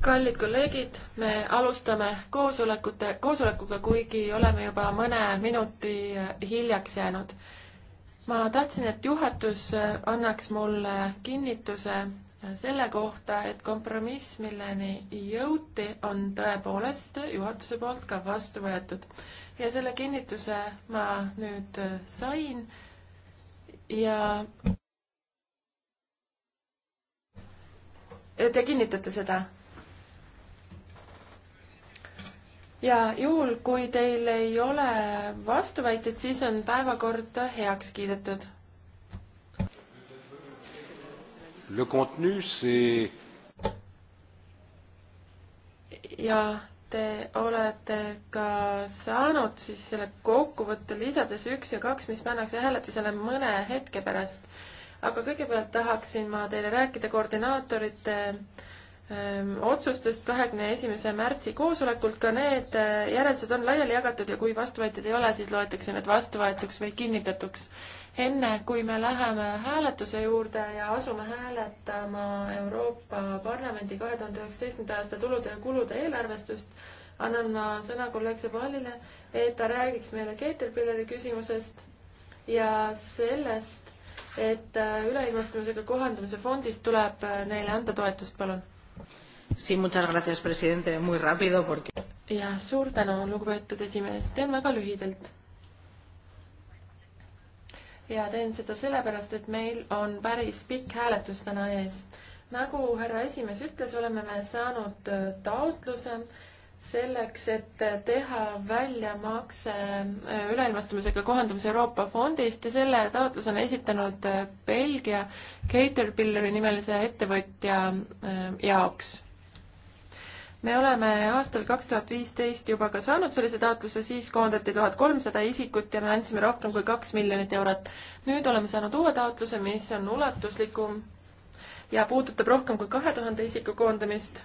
kallid kolleegid, me alustame koosolekute, koosolekuga, kuigi oleme juba mõne minuti hiljaks jäänud. ma tahtsin, et juhatus annaks mulle kinnituse selle kohta, et kompromiss, milleni jõuti, on tõepoolest juhatuse poolt ka vastu võetud. ja selle kinnituse ma nüüd sain ja te kinnitate seda? ja juhul, kui teil ei ole vastuväiteid, siis on päevakord heaks kiidetud. Le contenu c'est ja te olete ka saanud siis selle kokkuvõtte lisades üks ja kaks, mis pannakse hääletusele mõne hetke pärast aga kõigepealt tahaksin ma teile rääkida koordinaatorite ehm, otsustest kahekümne esimese märtsi koosolekult, ka need eh, järeldused on laiali jagatud ja kui vastuvõetjaid ei ole, siis loetakse need vastuvõetuks või kinnitatuks. enne, kui me läheme hääletuse juurde ja asume hääletama Euroopa Parlamendi kahe tuhande üheksateistkümnenda aasta tulude ja kulude eelarvestust, annan ma sõna kolleeg Sebalile, et ta räägiks meile Caterpillari küsimusest ja sellest, et äh, üleilmastumisega kohandumise fondist tuleb äh, neile anda toetust, palun. jah, suur tänu, lugupeetud esimees, teen väga lühidalt. ja teen seda sellepärast, et meil on päris pikk hääletus täna ees. nagu härra esimees ütles, oleme me saanud äh, taotluse äh, selleks, et teha väljamakse äh, üleilmastumisega kohandumise Euroopa fondist ja selle taotluse on esitanud äh, Belgia Caterpillari nimelise ettevõtja äh, jaoks. me oleme aastal kaks tuhat viisteist juba ka saanud sellise taotluse, siis koondati tuhat kolmsada isikut ja me andsime rohkem kui kaks miljonit eurot. nüüd oleme saanud uue taotluse, mis on ulatuslikum ja puudutab rohkem kui kahe tuhande isiku koondamist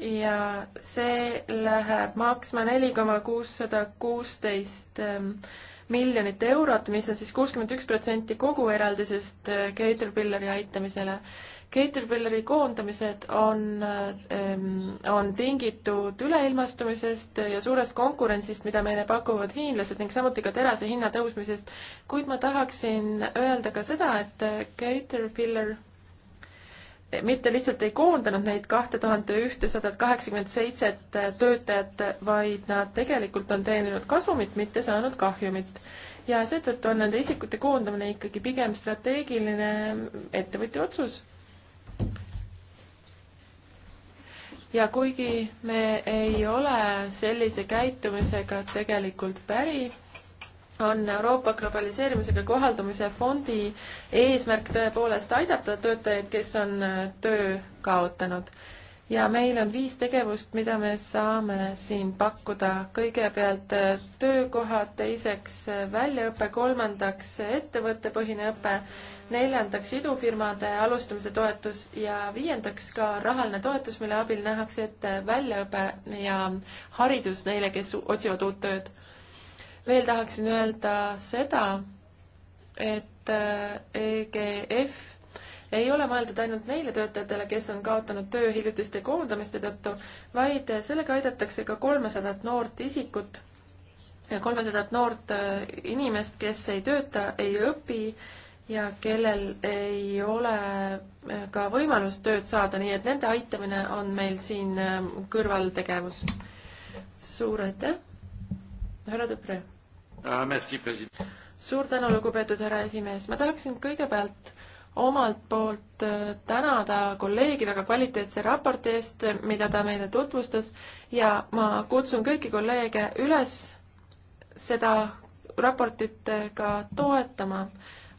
ja see läheb maksma neli koma kuussada kuusteist ähm, miljonit eurot, mis on siis kuuskümmend üks protsenti kogu eraldisest äh, Caterpillari aitamisele. Caterpillari koondamised on, ähm, on tingitud üleilmastumisest ja suurest konkurentsist, mida meile pakuvad hiinlased ning samuti ka terase hinna tõusmisest. kuid ma tahaksin öelda ka seda, et äh, Caterpillar mitte lihtsalt ei koondanud neid kahte tuhande ühtesadat kaheksakümmend seitset töötajat, vaid nad tegelikult on teeninud kasumit, mitte saanud kahjumit. ja seetõttu on nende isikute koondamine ikkagi pigem strateegiline ettevõtja otsus. ja kuigi me ei ole sellise käitumisega tegelikult päri on Euroopa globaliseerimisega kohaldumise fondi eesmärk tõepoolest aidata töötajaid, kes on äh, töö kaotanud. ja meil on viis tegevust, mida me saame siin pakkuda. kõigepealt äh, töökohad, teiseks äh, väljaõpe, kolmandaks ettevõttepõhine õpe, neljandaks idufirmade alustamise toetus ja viiendaks ka rahaline toetus, mille abil nähakse ette väljaõpe ja haridus neile, kes otsivad uut tööd veel tahaksin öelda seda, et äh, EGF ei ole mõeldud ainult neile töötajatele, kes on kaotanud töö hiljutiste koondamiste tõttu, vaid sellega aidatakse ka kolmesadat noort isikut, kolmesadat noort äh, inimest, kes ei tööta, ei õpi ja kellel ei ole äh, ka võimalust tööd saada, nii et nende aitamine on meil siin kõrvaltegevus. suur aitäh, härra Tõpre Ah, suur tänu, lugupeetud härra esimees, ma tahaksin kõigepealt omalt poolt äh, tänada kolleegi väga kvaliteetse raporti eest, mida ta meile tutvustas ja ma kutsun kõiki kolleege üles seda raportit äh, ka toetama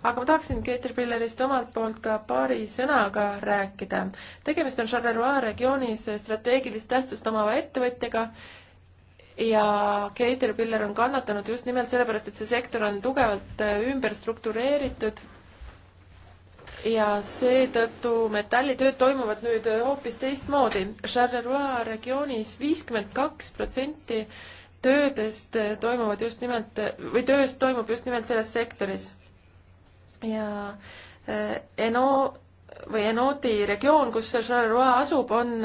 aga ma tahaksin Keeter Pillerist omalt poolt ka paari sõnaga rääkida. tegemist on Charleroi regioonis strateegilist tähtsust omava ettevõtjaga ja Caterpillar on kannatanud just nimelt sellepärast, et see sektor on tugevalt äh, ümber struktureeritud ja seetõttu metallitööd toimuvad nüüd äh, hoopis teistmoodi. Charleroi regioonis viiskümmend kaks protsenti töödest äh, toimuvad just nimelt või tööst toimub just nimelt selles sektoris. ja Eno või Enoti regioon, kus Charleroi asub, on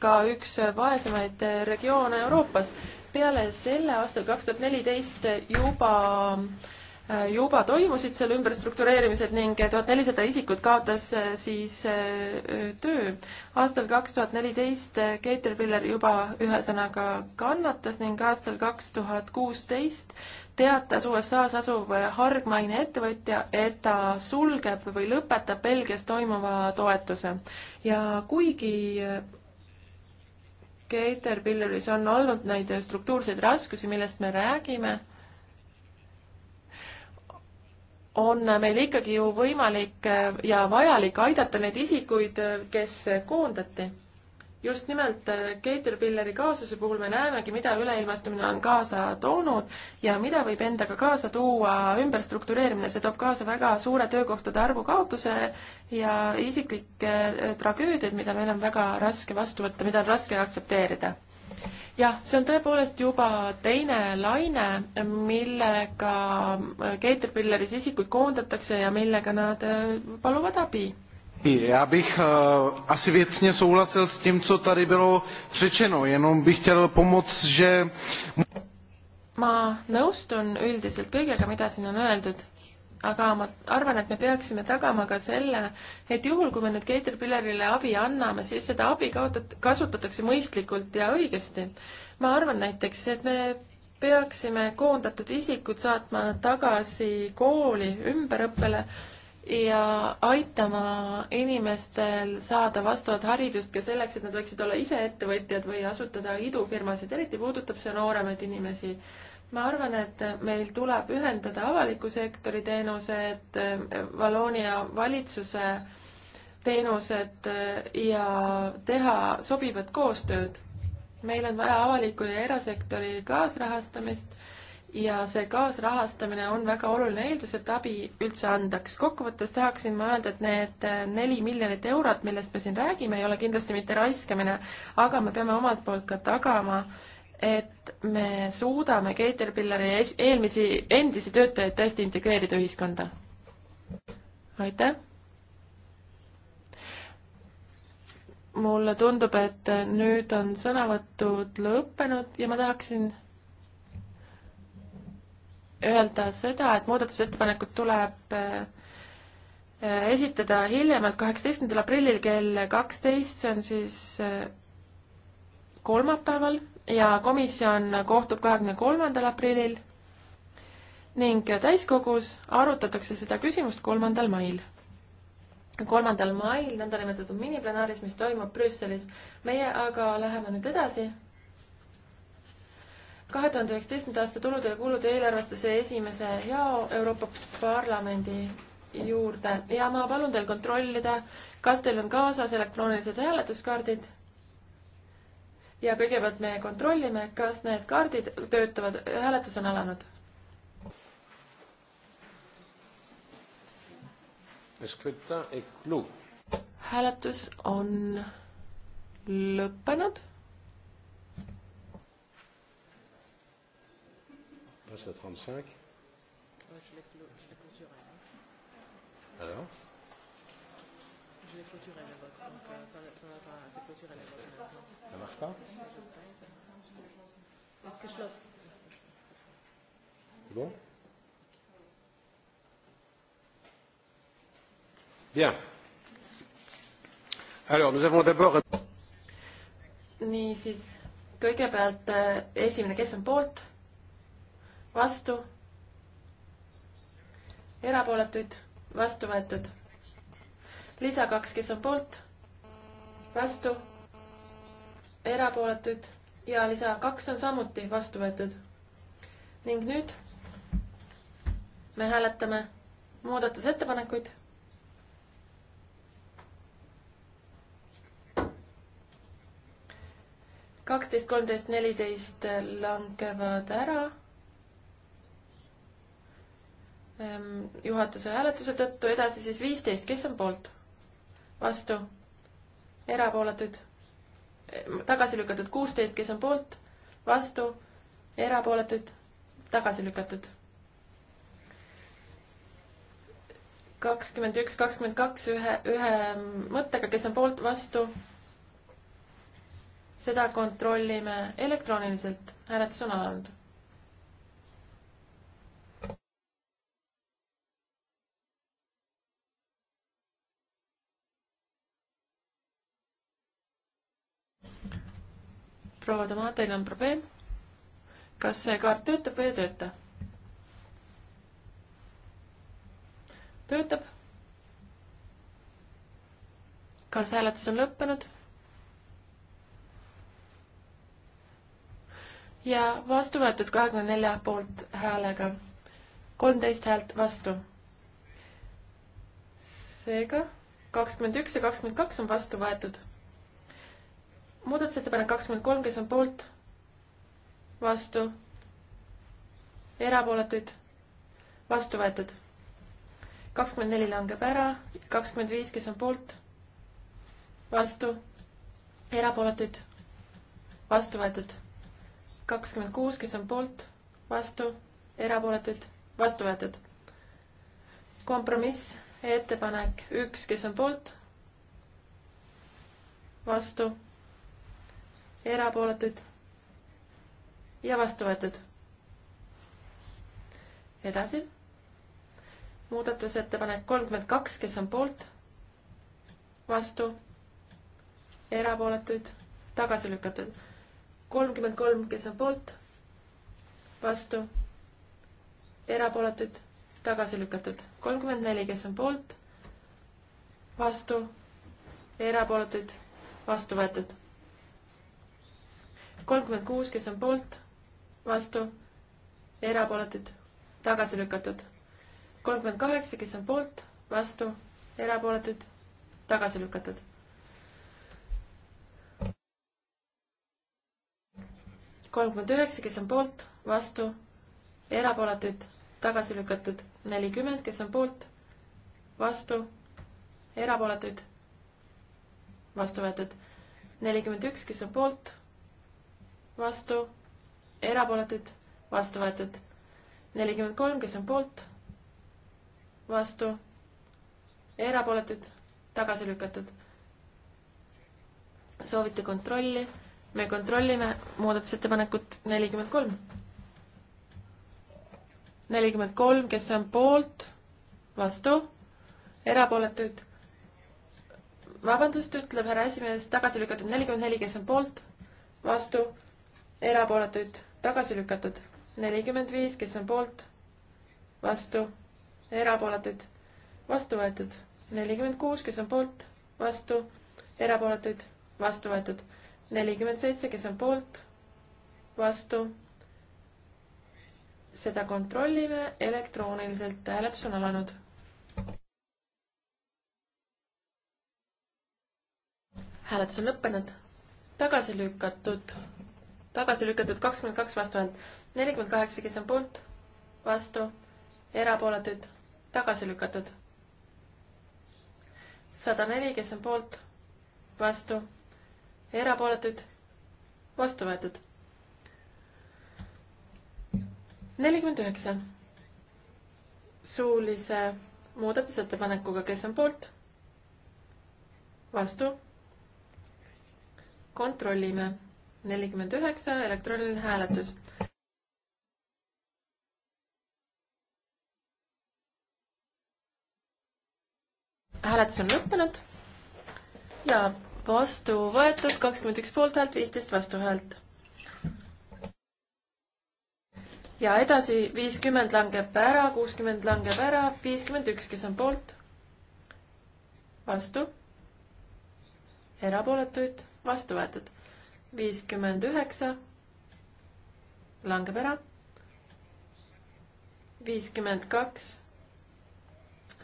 ka üks vaesemaid regioone Euroopas peale selle aastal kaks tuhat neliteist juba äh, juba toimusid seal ümberstruktureerimised ning tuhat nelisada isikut kaotas äh, siis äh, töö. aastal kaks tuhat neliteist Caterpillar juba ühesõnaga kannatas ning aastal kaks tuhat kuusteist teatas USA-s asuv hargmaine ettevõtja, et ta sulgeb või lõpetab Belgias toimuva toetuse. ja kuigi Caterpillaris on olnud neid struktuurseid raskusi, millest me räägime, on meil ikkagi ju võimalik ja vajalik aidata neid isikuid, kes koondati just nimelt äh, Caterpillari kaasuse puhul me näemegi, mida üleilmastumine on kaasa toonud ja mida võib endaga kaasa tuua ümberstruktureerimine, see toob kaasa väga suure töökohtade arvu kaotuse ja isiklikke äh, tragöödiaid, mida meil on väga raske vastu võtta, mida on raske aktsepteerida. jah, see on tõepoolest juba teine laine, millega äh, Caterpillaris isikuid koondatakse ja millega nad paluvad abi Já bych uh, asi věcně souhlasil s tím, co tady bylo řečeno, jenom bych chtěl pomoct, že... Ma nõustun üldiselt kõigega, mida siin on öeldud, aga ma arvan, et me peaksime tagama ka selle, et juhul, kui me nüüd Caterpillarile abi anname, siis seda abi kaotat-, kasutatakse mõistlikult ja õigesti. ma arvan näiteks, et me peaksime koondatud isikud saatma tagasi kooli ümberõppele ja aitama inimestel saada vastavat haridust ka selleks, et nad võiksid olla ise ettevõtjad või asutada idufirmasid, eriti puudutab see nooremaid inimesi. ma arvan, et meil tuleb ühendada avaliku sektori teenused, Valonia valitsuse teenused ja teha sobivat koostööd. meil on vaja avaliku ja erasektori kaasrahastamist ja see kaasrahastamine on väga oluline eeldus, et abi üldse andaks. kokkuvõttes tahaksin ma öelda, et need neli miljonit eurot, millest me siin räägime, ei ole kindlasti mitte raiskamine, aga me peame omalt poolt ka tagama, et me suudame Caterpillari eelmisi, endisi töötajaid tõesti integreerida ühiskonda. aitäh! mulle tundub, et nüüd on sõnavõtud lõppenud ja ma tahaksin öelda seda, et muudatusettepanekud tuleb äh, esitada hiljemalt kaheksateistkümnendal aprillil kell kaksteist, see on siis äh, kolmapäeval ja komisjon kohtub kahekümne kolmandal aprillil ning täiskogus arutatakse seda küsimust kolmandal mail kolmandal mail nõndanimetatud miniplenaaris, mis toimub Brüsselis. meie aga läheme nüüd edasi kahe tuhande üheksateistkümnenda aasta tulude ja kulude eelarvestuse esimese jao Euroopa Parlamendi juurde ja ma palun teil kontrollida, kas teil on kaasas elektroonilised hääletuskaardid. ja kõigepealt me kontrollime, kas need kaardid töötavad, hääletus on alanud. hääletus on lõppenud passe à 35. Ouais, je l'ai clôturé. Hein. Alors Je l'ai clôturé le vote, donc euh, ça, ça va pas. C'est clôturé le vote maintenant. Ça marche pas Est-ce que je l'offre C'est bon Bien. Alors, nous avons d'abord. niisiis, kõigepealt äh, esimene, kes on poolt? vastu, erapooletuid, vastu võetud. lisa kaks, kes on poolt, vastu, erapooletuid ja lisa kaks on samuti vastu võetud. ning nüüd me hääletame muudatusettepanekuid kaksteist, kolmteist, neliteist langevad ära Ehm, juhatuse hääletuse tõttu, edasi siis viisteist, kes on poolt? vastu? erapooletuid? Ehm, tagasi lükatud kuusteist, kes on poolt? vastu? erapooletuid? tagasi lükatud. kakskümmend üks, kakskümmend kaks ühe, ühe mõttega, kes on poolt, vastu? seda kontrollime elektrooniliselt, hääletus on alanud proua Toma, teil on probleem? kas see kaart töötab või ei tööta? töötab. kas hääletus on lõppenud? ja vastu võetud kahekümne nelja poolthäälega, kolmteist häält vastu. seega kakskümmend üks ja kakskümmend kaks on vastu võetud muudatusettepanek kakskümmend kolm, kes on poolt, vastu, erapooletuid, vastu võetud. kakskümmend neli langeb ära, kakskümmend viis, kes on poolt, vastu, erapooletuid, vastu võetud. kakskümmend kuus, kes on poolt, vastu, erapooletuid, vastu võetud. kompromiss, ettepanek üks, kes on poolt, vastu erapooletuid ja vastu võetud. edasi. muudatusettepanek kolmkümmend kaks, kes on poolt, vastu, erapooletuid, tagasi lükatud. kolmkümmend kolm, kes on poolt, vastu, erapooletuid, tagasi lükatud. kolmkümmend neli, kes on poolt, vastu, erapooletuid, vastu võetud kolmkümmend kuus, kes on poolt, vastu, erapooletud, tagasi lükatud. kolmkümmend kaheksa, kes on poolt, vastu, erapooletud, tagasi lükatud. kolmkümmend üheksa, kes on poolt, vastu, erapooletuid, tagasi lükatud. nelikümmend, kes on poolt, vastu, erapooletuid, vastu võetud. nelikümmend üks, kes on poolt vastu, erapooletuid, vastu võetud. nelikümmend kolm, kes on poolt, vastu, erapooletuid, tagasi lükatud. soovite kontrolli? me kontrollime muudatusettepanekut nelikümmend kolm. nelikümmend kolm, kes on poolt, vastu, erapooletuid vabandust, ütleb härra esimees, tagasi lükatud nelikümmend neli, kes on poolt, vastu, erapooletuid tagasi lükatud. nelikümmend viis, kes on poolt, vastu, erapooletuid, vastu võetud. nelikümmend kuus, kes on poolt, vastu, erapooletuid, vastu võetud. nelikümmend seitse, kes on poolt, vastu. seda kontrollime elektrooniliselt, hääletus on alanud. hääletus on lõppenud, tagasi lükatud tagasi lükatud kakskümmend kaks vastuhäält, nelikümmend kaheksa, kes on poolt, vastu, erapooletuid, tagasi lükatud. sada neli, kes on poolt, vastu, erapooletuid, vastu võetud. nelikümmend üheksa suulise muudatusettepanekuga, kes on poolt? vastu. kontrollime nelikümmend üheksa, elektrooniline hääletus. hääletus on lõppenud ja vastu võetud kakskümmend üks poolthäält, viisteist vastuhäält. ja edasi viiskümmend langeb ära, kuuskümmend langeb ära, viiskümmend üks, kes on poolt, vastu, erapooletuid, vastu võetud viiskümmend üheksa langeb ära. viiskümmend kaks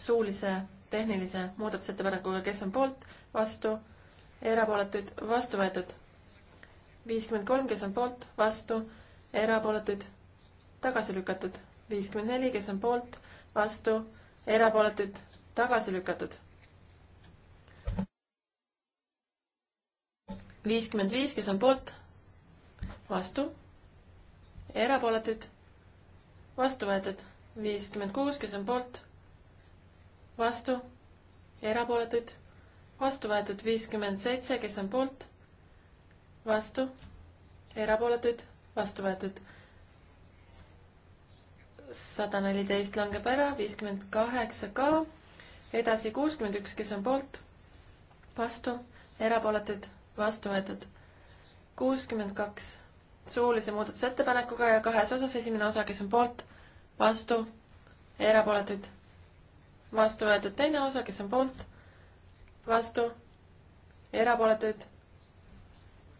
suulise tehnilise muudatusettepanekuga, kes on poolt, vastu, erapooletuid, vastu võetud. viiskümmend kolm, kes on poolt, vastu, erapooletuid, tagasi lükatud. viiskümmend neli, kes on poolt, vastu, erapooletuid, tagasi lükatud viiskümmend viis, kes on poolt, vastu, erapooletuid, vastu võetud. viiskümmend kuus, kes on poolt, vastu, erapooletuid, vastu võetud. viiskümmend seitse, kes on poolt, vastu, erapooletuid, vastu võetud. sada neliteist langeb ära, viiskümmend kaheksa ka, edasi kuuskümmend üks, kes on poolt, vastu, erapooletuid vastu võetud. kuuskümmend kaks suulise muudatusettepanekuga ja kahes osas, esimene osa, kes on poolt, vastu, erapooletuid, vastu võetud teine osa, kes on poolt, vastu, erapooletuid.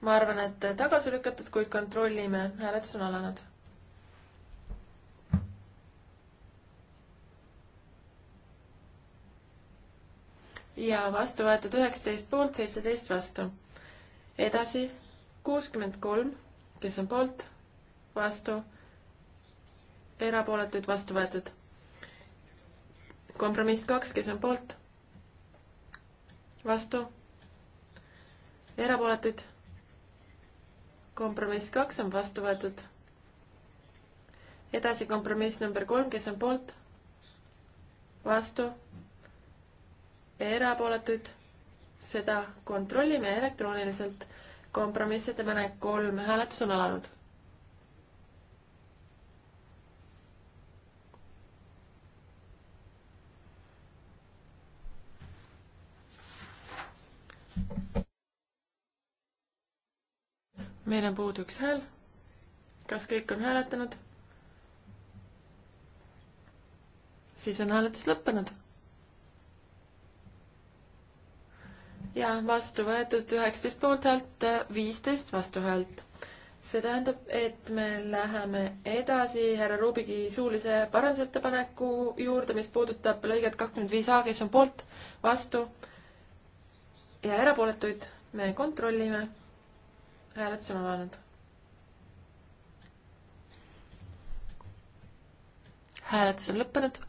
ma arvan, et tagasi lükatud, kuid kontrollime, hääletus on alanud. ja vastu võetud üheksateist poolt, seitseteist vastu edasi kuuskümmend kolm, kes on poolt, vastu, erapooletuid vastu võetud. kompromiss kaks, kes on poolt, vastu, erapooletuid. kompromiss kaks on vastu võetud. edasi kompromiss number kolm, kes on poolt, vastu, erapooletuid seda kontrollime elektrooniliselt. kompromissettepanek kolm, hääletus on alanud. meil on puudu üks hääl. kas kõik on hääletanud? siis on hääletus lõppenud ja vastu võetud üheksateist poolthäält, äh, viisteist vastuhäält. see tähendab, et me läheme edasi härra Rubigi suulise parandusettepaneku juurde, mis puudutab lõiget kakskümmend viis A, kes on poolt, vastu ja erapooletuid me kontrollime. hääletus on alanud. hääletus on lõppenud.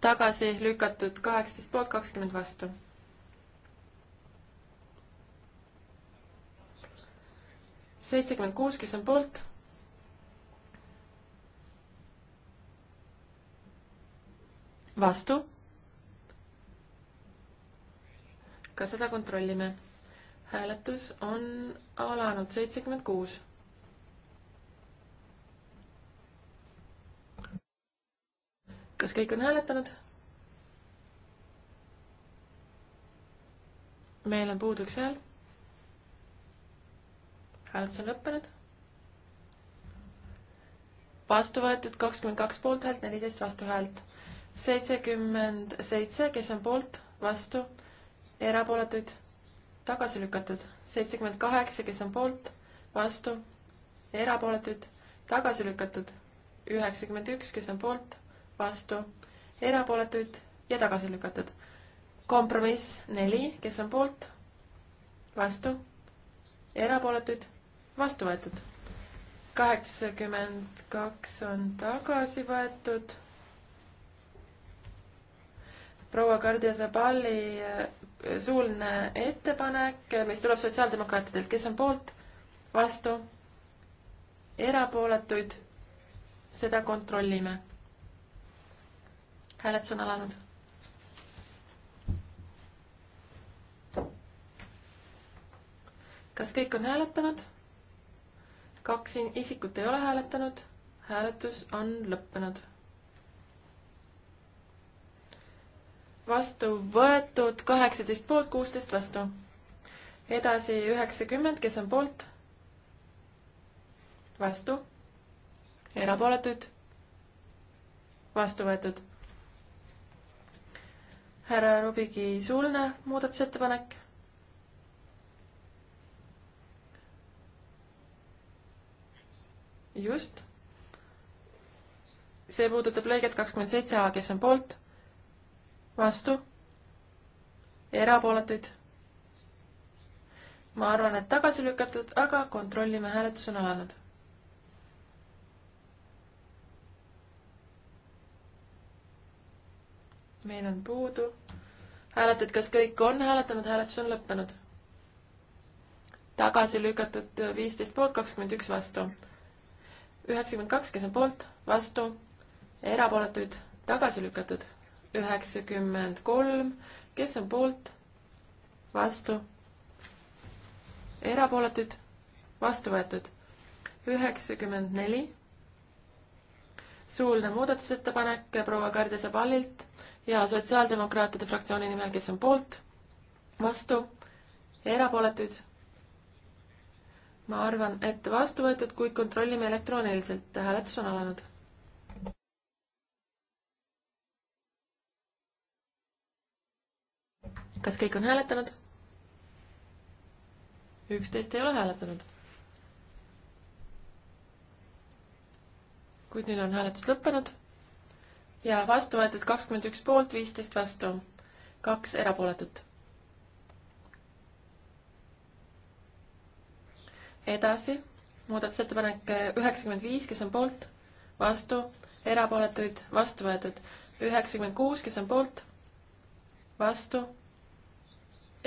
tagasi lükatud kaheksateist poolt, kakskümmend vastu seitsekümmend kuus, kes on poolt? vastu? ka seda kontrollime. hääletus on alanud seitsekümmend kuus. kas kõik on hääletanud? meil on puudu üks hääl hääletus on lõppenud. vastu võetud kakskümmend kaks poolthäält, neliteist vastuhäält. seitsekümmend seitse, kes on poolt, vastu, erapooletuid, tagasi lükatud. seitsekümmend kaheksa, kes on poolt, vastu, erapooletuid, tagasi lükatud. üheksakümmend üks, kes on poolt, vastu, erapooletuid ja tagasi lükatud kompromiss neli, kes on poolt, vastu, erapooletuid, vastu võetud. kaheksakümmend kaks on tagasi võetud. proua Kardia Zabali äh, suuline ettepanek, äh, mis tuleb sotsiaaldemokraatidelt, kes on poolt, vastu, erapooletuid, seda kontrollime. hääletus on alanud. kas kõik on hääletanud? kaks isikut ei ole hääletanud, hääletus on lõppenud. vastu võetud kaheksateist poolt, kuusteist vastu. edasi üheksakümmend, kes on poolt? vastu, erapooletuid, vastu võetud. härra Rubigi suuline muudatusettepanek just. see puudutab lõiget kakskümmend seitse A, kes on poolt, vastu, erapooletuid. ma arvan, et tagasi lükatud, aga kontrollime, hääletus on alanud. meil on puudu hääletad, kas kõik on hääletanud, hääletus on lõppenud. tagasi lükatud viisteist poolt, kakskümmend üks vastu üheksakümmend kaks, kes on poolt, vastu, erapooletuid, tagasi lükatud. üheksakümmend kolm, kes on poolt, vastu, erapooletuid, vastu võetud. üheksakümmend neli, suuline muudatusettepanek proua Karde Sabalilt ja sotsiaaldemokraatide fraktsiooni nimel, kes on poolt, vastu, erapooletuid ma arvan, et vastu võetud, kuid kontrollime elektrooniliselt. hääletus on alanud. kas kõik on hääletanud? üksteist ei ole hääletanud. kuid nüüd on hääletus lõppenud ja vastu võetud kakskümmend üks poolt, viisteist vastu, kaks erapooletut edasi, muudatusettepanek üheksakümmend viis, kes on poolt, vastu, erapooletuid, vastu võetud. üheksakümmend kuus, kes on poolt, vastu,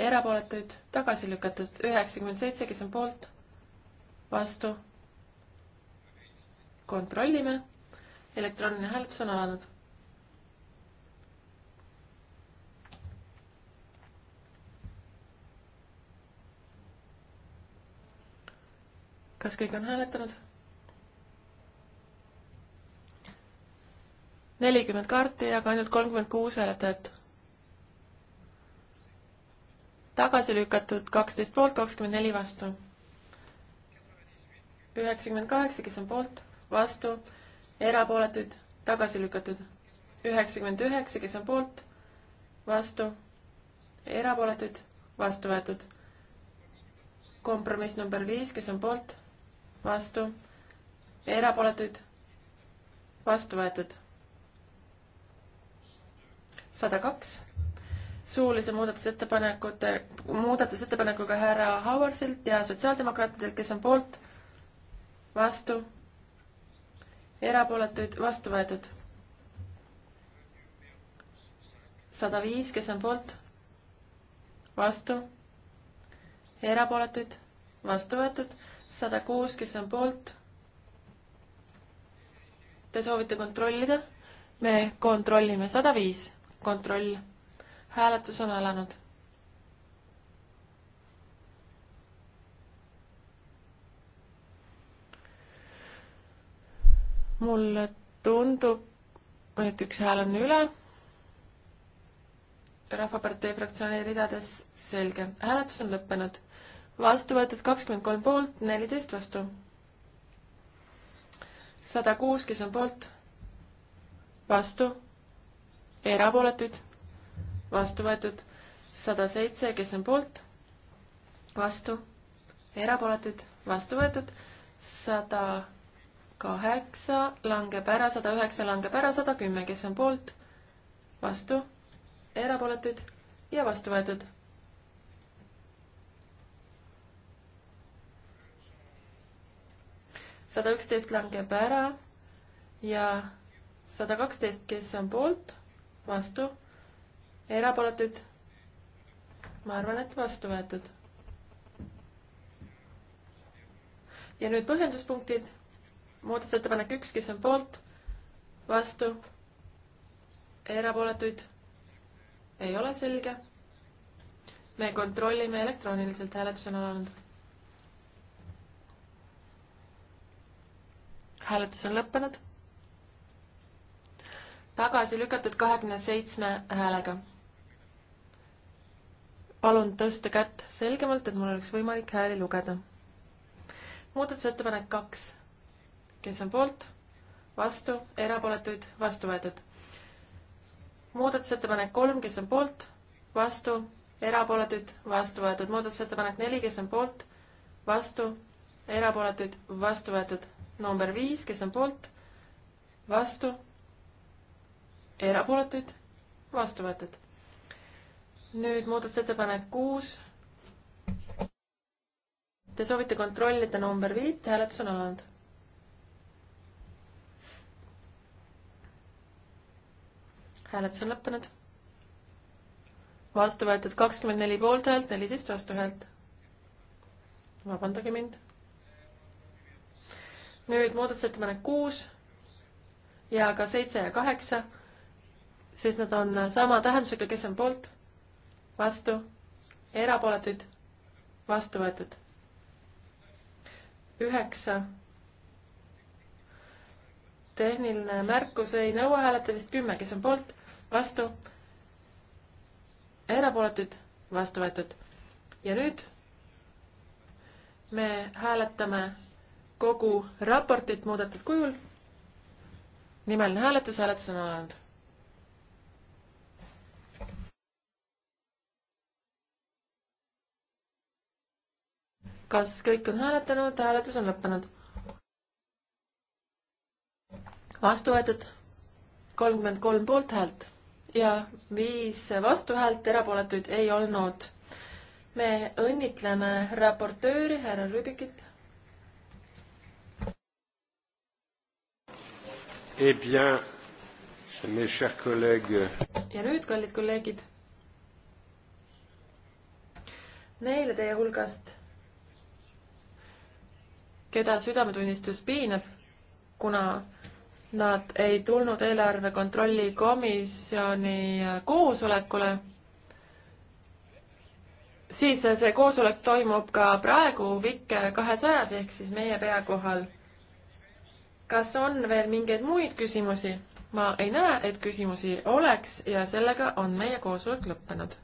erapooletuid, tagasi lükatud. üheksakümmend seitse, kes on poolt, vastu. kontrollime. elektrooniline hääletus on alanud kas kõik on hääletanud? nelikümmend kaarti, aga ainult kolmkümmend kuus hääletajat. tagasi lükatud kaksteist poolt, kakskümmend neli vastu. üheksakümmend kaheksa, kes on poolt, vastu, erapooletuid, tagasi lükatud. üheksakümmend üheksa, kes on poolt, vastu, erapooletuid, vastu võetud kompromiss number viis, kes on poolt, vastu, erapooletuid, vastu võetud. sada kaks suulise muudatusettepanekute, muudatusettepanekuga härra Howardilt ja sotsiaaldemokraatidelt, kes on poolt, vastu, erapooletuid, vastu võetud. sada viis, kes on poolt, vastu, erapooletuid, vastu võetud sada kuus, kes on poolt? Te soovite kontrollida? me kontrollime, sada viis, kontroll. hääletus on alanud. mulle tundub, et üks hääl on üle. rahvapartei fraktsiooni ridades selge, hääletus on lõppenud vastu võetud kakskümmend kolm poolt, neliteist vastu. sada kuus, kes on poolt, vastu, erapooletuid, vastu võetud. sada seitse, kes on poolt, vastu, erapooletuid, vastu võetud. sada kaheksa langeb ära, sada üheksa langeb ära, sada kümme, kes on poolt, vastu, erapooletuid ja vastu võetud sada üksteist langeb ära ja sada kaksteist, kes on poolt, vastu, erapooletuid. ma arvan, et vastu võetud. ja nüüd põhjenduspunktid. muudatusettepanek üks, kes on poolt, vastu, erapooletuid ei ole selge. me kontrollime elektrooniliselt, hääletus on alanud hääletus on lõppenud. tagasi lükatud kahekümne seitsme häälega. palun tõsta kätt selgemalt, et mul oleks võimalik hääli lugeda. muudatusettepanek kaks. kes on poolt? vastu, erapooletuid, vastu võetud. muudatusettepanek kolm, kes on poolt? vastu, erapooletuid, vastu võetud. muudatusettepanek neli, kes on poolt, vastu, erapooletuid, vastu võetud number viis, kes on poolt, vastu, erapooletuid, vastu võetud. nüüd muudatusettepanek kuus. Te soovite kontrollida number viit, hääletus on alanud hääletus on lõppenud. vastu võetud kakskümmend neli poolthäält, neliteist vastuhäält. vabandage mind nüüd muudatusettepanek kuus ja ka seitse ja kaheksa, sest nad on sama tähendusega, kes on poolt, vastu, erapooletuid, vastu võetud. üheksa. tehniline märkus ei nõua hääletamist, kümme, kes on poolt, vastu, erapooletuid, vastu võetud. ja nüüd me hääletame kogu raportit muudetud kujul. nimeline hääletus, hääletus on alanud. kas kõik on hääletanud, hääletus on lõppenud? vastu võetud kolmkümmend kolm poolthäält ja viis vastuhäält, erapooletuid ei olnud. me õnnitleme raportööri härra Rübikit Eh bien, mes chers collègues. ja nüüd, kallid kolleegid. Neile teie hulgast, keda südametunnistus piinab, kuna nad ei tulnud eelarve kontrolli komisjoni koosolekule, siis see koosolek toimub ka praegu VIK kahesajas ehk siis meie pea kohal kas on veel mingeid muid küsimusi? ma ei näe, et küsimusi oleks ja sellega on meie koosolek lõppenud